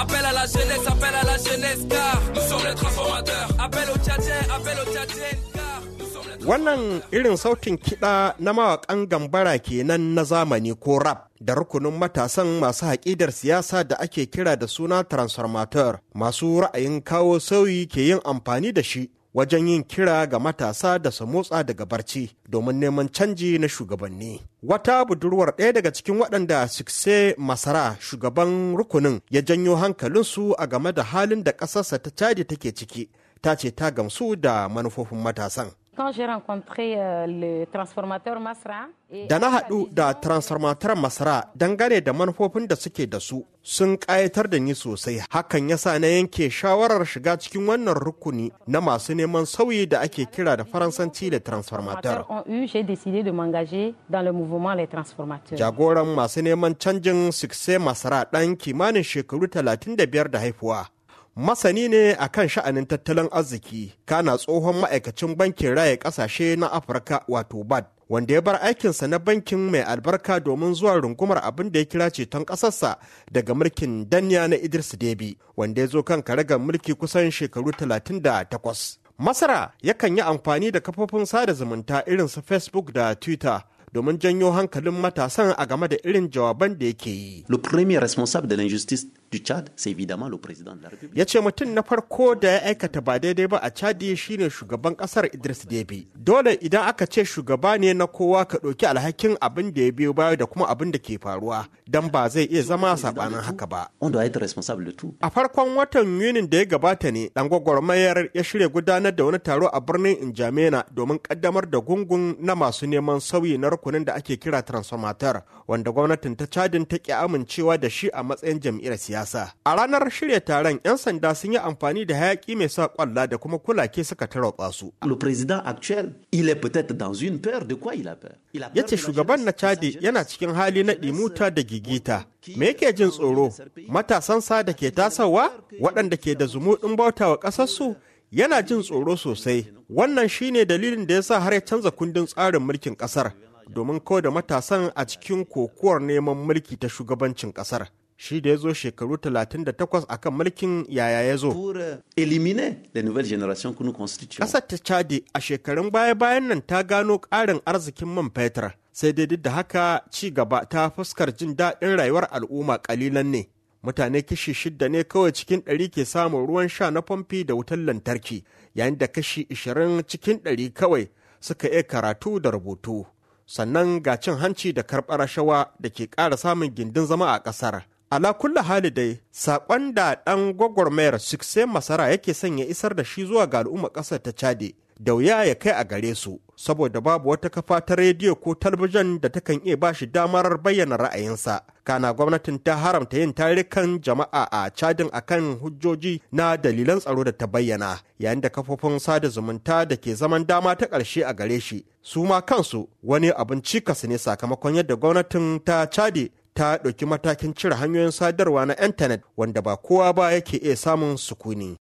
Appel à la jeunesse, appel à la jeunesse, car nous sommes les transformateurs. Appel au Tchadien, appel au Tchadien. Wannan irin sautin kiɗa na mawaƙan gambara kenan na zamani ko rap da rukunin matasan masu haƙidar siyasa da ake kira da suna transformator masu ra'ayin kawo sauyi ke yin amfani da shi wajen yin kira ga matasa da su motsa daga barci domin neman canji na shugabanni. Wata budurwar ɗaya daga cikin waɗanda Sikse Masara shugaban rukunin ya janyo hankalinsu a game da halin da ƙasarsa ta caji take ciki, ta ce ta gamsu da manufofin matasan. Euh, da na haɗu da transformator masara dangane da manufofin da suke da su sun ƙayatar da ni sosai hakan ya sa na yanke shawarar shiga cikin wannan rukuni na masu neman sauyi da ake kira da faransanci da transformator. Jagoran masu neman canjin Sikse masara ɗan kimanin shekaru 35 da haifuwa masani ne a kan sha'anin tattalin arziki kana tsohon ma'aikacin bankin raya kasashe na afirka wato bad wanda ya bar aikinsa na bankin mai albarka domin zuwa rungumar abin da ya kira ceton ƙasarsa daga mulkin danya na idris debi wanda ya zo kan karagar mulki kusan shekaru 38 masara yakan yi amfani da kafofin sada zumunta irin su facebook da twitter domin janyo hankalin matasan a game da irin jawaban da yake yi le premier responsable de l'injustice du Chad, c'est évidemment le président de la République. Ya ce mutum na farko da ya aikata ba daidai ba a Chad shine shugaban kasar Idris Deby. Dole idan aka ce shugaba ne na kowa ka ɗauki alhakin abin da ya biyo baya da kuma abin da ke faruwa dan ba zai iya zama sabanin haka ba. On doit être responsable de tout. A farkon watan Yunin da ya gabata ne dan gwagwarmayar ya shirya gudanar da wani taro a birnin Injamena domin kaddamar da gungun na masu neman sauyi na rukunin da ake kira transformator wanda gwamnatin ta Chadin ta ki amincewa da shi a matsayin jam'iyyar siyasa. siyasa. A ranar shirya taron 'yan sanda sun yi amfani da hayaki mai sa kwalla da kuma kulake suka tarwatsa su. Ya ce shugaban na Chadi yana cikin hali na ɗimuta da gigita. Me yake jin tsoro? sa da ke tasawa waɗanda ke da zumuɗin bauta wa ƙasarsu yana jin tsoro sosai. Wannan shine dalilin da ya sa har ya canza kundin tsarin mulkin ƙasar. domin da matasan a cikin kokowar neman mulki ta shugabancin ƙasar. shi da ya zo shekaru 38 akan mulkin yaya ya zo. Ƙasar ta cadi a shekarun baya-bayan nan ta gano ƙarin arzikin man fetur, sai dai duk da haka ci gaba ta fuskar jin daɗin rayuwar al'umma ƙalilan ne. Mutane kashi shidda ne kawai cikin ɗari ke samun ruwan sha na famfi da wutar lantarki, yayin da kashi ishirin cikin ɗari kawai suka iya karatu da rubutu. Sannan ga cin hanci da karɓar rashawa da ke ƙara samun gindin zama a ƙasar. Ala kulla hali dai, saƙon da ɗan gwagwarmayar sukse Masara yake sanya isar da shi zuwa ga al'umma ƙasar ta Chade, da wuya ya kai a gare su, saboda babu wata kafa ta rediyo ko talabijin da takan iya ba shi damar bayyana ra'ayinsa. Kana gwamnatin ta haramta yin tarikan jama'a a Chadin akan hujjoji na dalilan tsaro da ta bayyana, yayin da kafofin sada zumunta da ke zaman dama ta ƙarshe a gare shi, su ma kansu wani abin cikas ne sakamakon yadda gwamnatin ta Chade ta ɗauki matakin cire hanyoyin sadarwa na intanet wanda ba kowa ba yake iya samun sukuni.